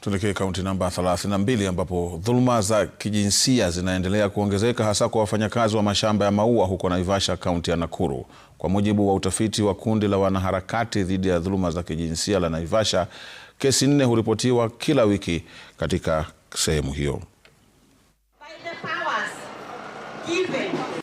Tuelekee kaunti namba 32 ambapo dhuluma za kijinsia zinaendelea kuongezeka hasa kwa wafanyakazi wa mashamba ya maua huko Naivasha, kaunti ya Nakuru. Kwa mujibu wa utafiti wa kundi la wanaharakati dhidi ya dhuluma za kijinsia la Naivasha, kesi nne huripotiwa kila wiki katika sehemu hiyo.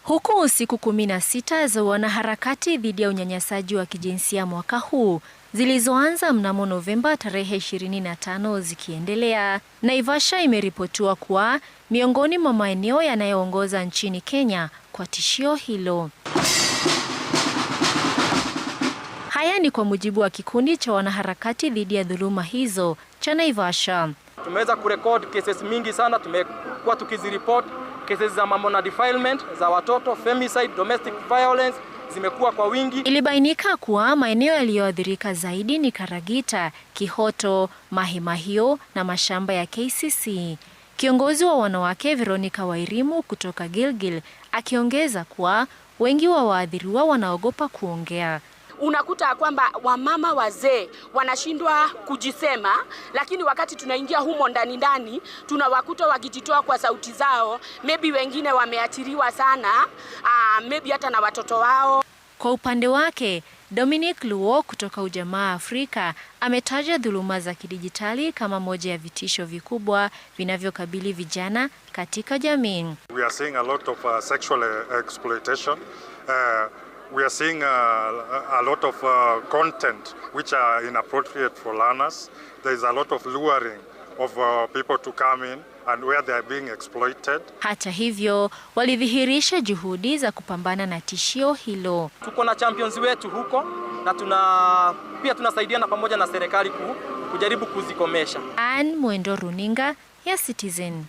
Huku siku kumi na sita za wanaharakati dhidi ya unyanyasaji wa kijinsia mwaka huu zilizoanza mnamo Novemba tarehe 25 zikiendelea, Naivasha imeripotiwa kuwa miongoni mwa maeneo yanayoongoza nchini Kenya kwa tishio hilo. Haya ni kwa mujibu wa kikundi cha wanaharakati dhidi ya dhuluma hizo cha Naivasha. Tumeweza kurekodi cases mingi sana, tumekuwa tukiziripoti Kesi za mambo na defilement za watoto, femicide, domestic violence zimekuwa kwa wingi. Ilibainika kuwa maeneo yaliyoathirika zaidi ni Karagita, Kihoto, Mahimahio na mashamba ya KCC. Kiongozi wa wanawake Veronica Wairimu kutoka Gilgil akiongeza kuwa wengi wa waathiriwa wanaogopa kuongea unakuta kwamba wamama wazee wanashindwa kujisema, lakini wakati tunaingia humo ndani ndani tunawakuta wakijitoa kwa sauti zao. Maybe wengine wameathiriwa sana, uh, maybe hata na watoto wao. Kwa upande wake Dominic Luo kutoka Ujamaa Afrika ametaja dhuluma za kidijitali kama moja ya vitisho vikubwa vinavyokabili vijana katika jamii. We are seeing a lot of uh, sexual uh, exploitation uh, we are seeing a, a lot of uh, content which are inappropriate for learners. There is a lot of luring of uh, people to come in and where they are being exploited. Hata hivyo, walidhihirisha juhudi za kupambana na tishio hilo. Tuko na champions wetu huko na tuna pia tunasaidiana pamoja na serikali ku, kujaribu kuzikomesha. Anne Mwendo, Runinga ya Citizen.